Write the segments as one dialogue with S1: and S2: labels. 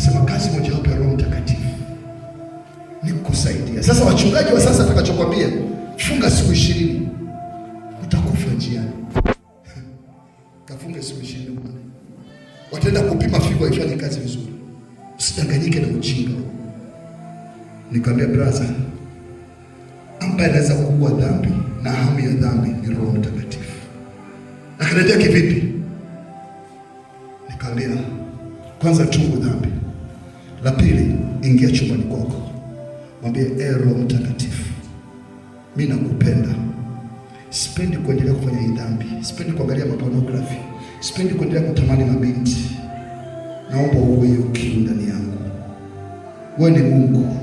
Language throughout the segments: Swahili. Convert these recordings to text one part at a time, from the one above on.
S1: Nasema kazi mojawapo ya Roho Mtakatifu ni kukusaidia. Sasa wachungaji wa sasa, atakachokwambia funga siku ishirini, utakufa njiani. Kafunga siku ishirini, wataenda kupima figo ifanye kazi vizuri, usidanganyike na uchinga. Nikamwambia brother, ambaye anaweza kuua dhambi na hamu ya dhambi ni Roho Mtakatifu. Akaniambia kivipi? Nikamwambia kwanza, tungu dhambi la pili, ingia chumbani kwako, mwambie ee Roho Mtakatifu, mi nakupenda, sipendi kuendelea kufanya hii dhambi, sipendi kuangalia mapornografi, sipendi kuendelea kutamani mabinti. Naomba uwe ukiu ndani yangu, wewe ni Mungu,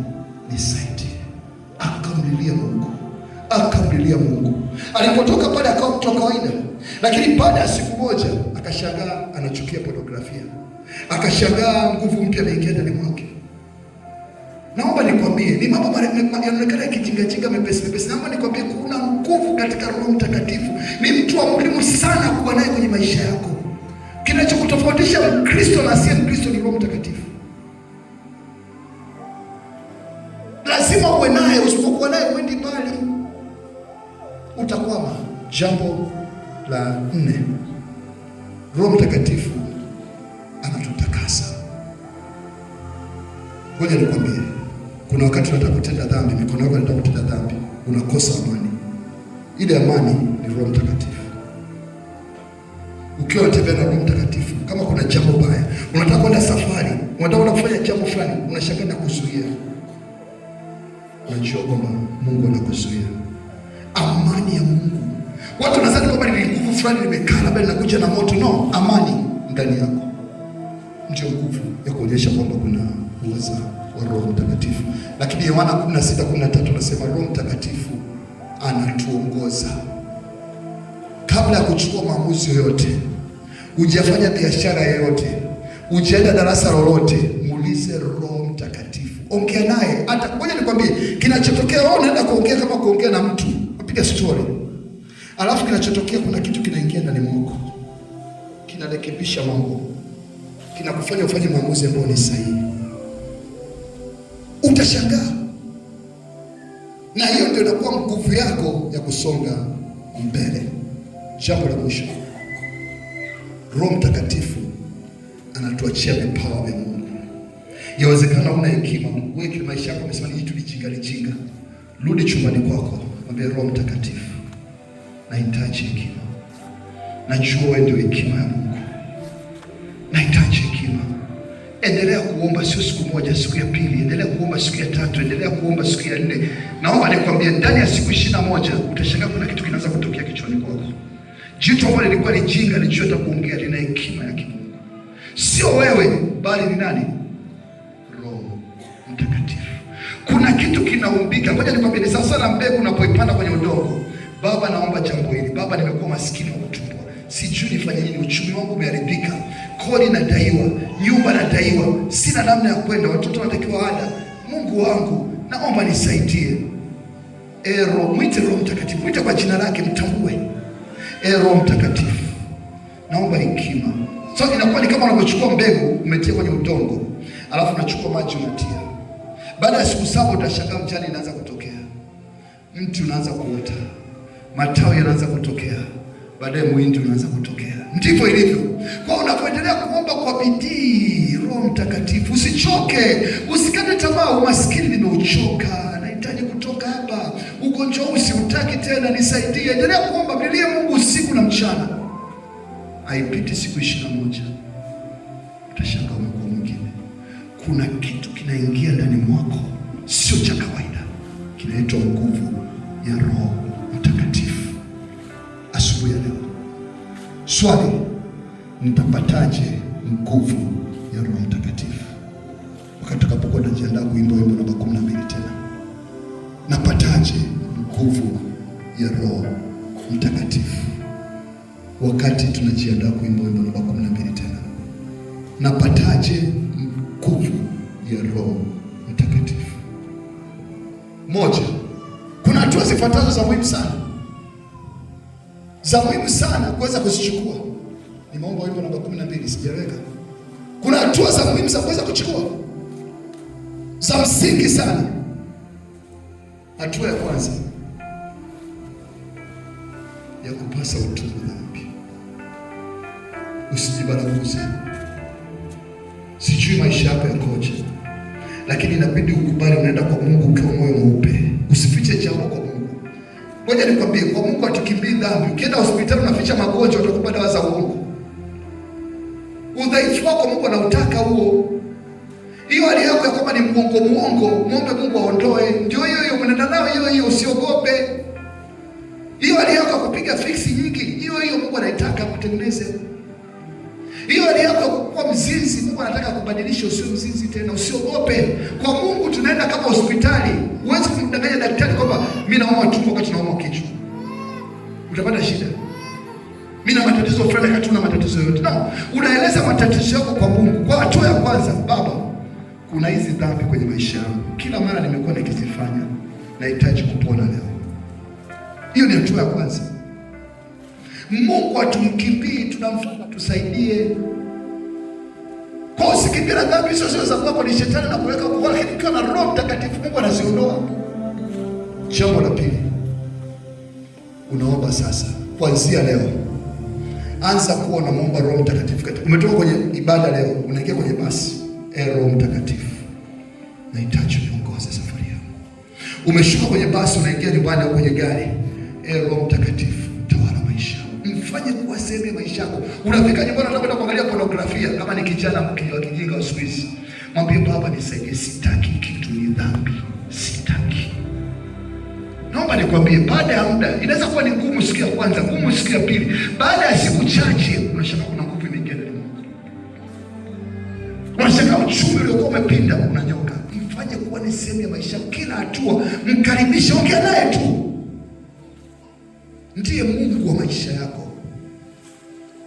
S1: nisaidie. Akamlilia Mungu, akamlilia Mungu. Alipotoka pale akawa mtu wa kawaida, lakini baada ya siku moja akashangaa anachukia pornografia akashangaa nguvu mpya ameingia ndani mwake. Naomba nikwambie, ni mambo yanaonekana yakijingajinga mepesi mepesi. Naomba nikwambie, kuna nguvu katika Roho Mtakatifu. Ni mtu wa muhimu sana kuwa naye kwenye maisha yako. Kinachokutofautisha Mkristo na asiye Mkristo ni Roho Mtakatifu. Lazima uwe naye, usipokuwa naye uendi mbali, utakwama. Jambo la nne, Roho Mtakatifu Ngoja nikwambie, kuna wakati unataka kutenda dhambi, mikono yako inataka kutenda dhambi, unakosa amani. Ile amani ni Roho Mtakatifu. Ukiwa unatembea na Roho Mtakatifu, kama kuna jambo baya, unataka kwenda safari, unataka kwenda kufanya jambo fulani, unashangaa na kuzuia, unajua kwamba Mungu anakuzuia. Amani ya Mungu. Watu wanadhani kwamba ni nguvu fulani limekaa, labda linakuja na moto. No, amani ndani yako ndio nguvu ya kuonyesha kwamba kuna kwanza wa Roho Mtakatifu. Lakini Yohana 16:13 nasema Roho Mtakatifu anatuongoza kabla ya kuchukua maamuzi yoyote, hujafanya biashara yoyote, hujaenda darasa lolote, muulize Roho Mtakatifu, ongea naye. Hata ngoja nikwambie, kinachotokea wewe unaenda kuongea kama kuongea na mtu, napiga story, alafu kinachotokea kuna kitu kinaingia ndani mwako, kinarekebisha mambo, kinakufanya ufanye maamuzi ambayo ni sahihi utashangaa, na hiyo ndio inakuwa nguvu yako ya kusonga mbele. Jambo la mwisho, Roho Mtakatifu anatuachia vipawa vya Mungu. Yawezekana una hekima weki maisha yako amesema ni tulijinga lijinga Rudi chumbani kwako, mwambie Roho Mtakatifu, nahitaji hekima, najua wewe ndio hekima ya Mungu, nahitaji kuomba sio siku moja, siku ya pili, endelea kuomba siku ya tatu, endelea kuomba siku ya nne. Naomba nikwambie ndani ya siku ishirini na moja utashangaa kuna kitu kinaanza kutokea kichwani kwako. Jitu ambalo lilikuwa ni jinga lichota kuongea lina hekima ya Kimungu, sio wewe bali ni nani? Roho Mtakatifu. Kuna kitu kinaumbika. Ngoja nikwambie, ni sawasawa na mbegu unapoipanda kwenye udongo. Baba, naomba jambo hili. Baba, nimekuwa maskini wa kutumbua, sijui nifanye nini, uchumi wangu umeharibika kodi nadaiwa, nyumba nadaiwa, sina namna ya kwenda, watoto natakiwa ada. Mungu wangu, naomba nisaidie. Ero, mwite Roho Mtakatifu, mwite kwa jina lake, mtambue. Ero Mtakatifu, naomba hekima. So inakuwa ni kama unavyochukua mbegu umetia kwenye udongo, alafu unachukua maji unatia. Baada ya siku saba utashangaa mjani inaanza kutokea, mti unaanza kuota, matawi yanaanza kutokea, baadaye mwindi unaanza kutokea. Ndivyo ilivyo kwa unapoendelea kuomba kwa bidii, Roho Mtakatifu, usichoke, usikate tamaa. Umaskini nimeuchoka, nahitaji kutoka hapa, ugonjwa huu siutaki tena, nisaidie. Endelea kuomba, mlilie Mungu usiku na mchana. Haipiti siku ishirini na moja utashanga umekuwa mwingine. Kuna kitu kinaingia ndani mwako, sio cha kawaida, kinaitwa nguvu ya Roho Swali, nitapataje nguvu ya Roho Mtakatifu? Wakati tutakapokuwa tunajiandaa kuimba wimbo namba kumi na mbili tena, napataje nguvu ya Roho Mtakatifu? Wakati tunajiandaa kuimba wimbo namba kumi na mbili tena, napataje nguvu ya Roho Mtakatifu? Moja, kuna hatua zifuatazo za muhimu sana za muhimu sana kuweza kuzichukua. ni Nimeomba wimbo namba 12 sijaweka. Kuna hatua za muhimu za kuweza kuchukua za msingi sana. Hatua ya kwanza ya kupasa utubu dhambi, usijibaraguze. Sijui maisha yako yakoje, lakini inabidi ukubali unaenda kwa Mungu ukiwa moyo mweupe, usifiche jambo kwa Ngoja nikwambie, kwa Mungu hatukimbii dhambi. Ukienda hospitali unaficha magonjwa, utakupa dawa za uongo. Udhaifu wako Mungu anautaka huo. Hiyo hali yako ya kwamba ni mgongo muongo muombe Mungu aondoe. Ndio hiyo hiyo mnaenda nayo hiyo hiyo, usiogope. Hiyo hali yako ya kupiga fiksi nyingi, hiyo hiyo Mungu anaitaka kutengeneze hiyo hali yako kuwa mzinzi, Mungu anataka kubadilisha, usio mzinzi tena, usiogope. Kwa Mungu tunaenda kama hospitali. Huwezi kumdanganya daktari kwamba mimi nauma tumbo wakati nauma kichwa, utapata shida. Mimi na matatizo fulani wakati una matatizo yote, na unaeleza matatizo yako kwa Mungu. Kwa hatua ya kwanza, Baba, kuna hizi dhambi kwenye maisha yangu, kila mara nimekuwa nikizifanya, nahitaji kupona leo. Hiyo ni hatua ya kwanza. Mungu hatumkimbii, tunamtaka tusaidie. Kwa usikimbie na dhambi hizo sio za kwako, ni shetani na kuweka kwa, lakini ukiwa na Roho Mtakatifu Mungu anaziondoa. Jambo la pili, unaomba sasa, kuanzia leo anza kuwa unamuomba Roho Mtakatifu. Umetoka kwenye ibada leo, unaingia kwenye basi, e Roho Mtakatifu, nahitaji uniongoze safari yangu. Umeshuka kwenye basi, unaingia nyumbani au kwenye gari, e Roho Mtakatifu sehemu ya maisha yako. Unafika nyumbani unataka kuangalia pornografia, kama ni kijana mkiwa kijinga wa Swiss, mwambie Baba, nisaidie, sitaki kitu, ni dhambi, sitaki. Naomba nikwambie, baada ya muda inaweza kuwa ni ngumu siku ya kwanza, ngumu siku ya pili, baada ya siku chache unashaka kuna nguvu imeingia ndani mwako, unashaka uchumi uliokuwa umepinda unanyoka. Mfanye kuwa ni sehemu ya maisha yako, kila hatua mkaribishe, ongea naye tu, ndiye Mungu wa maisha yako.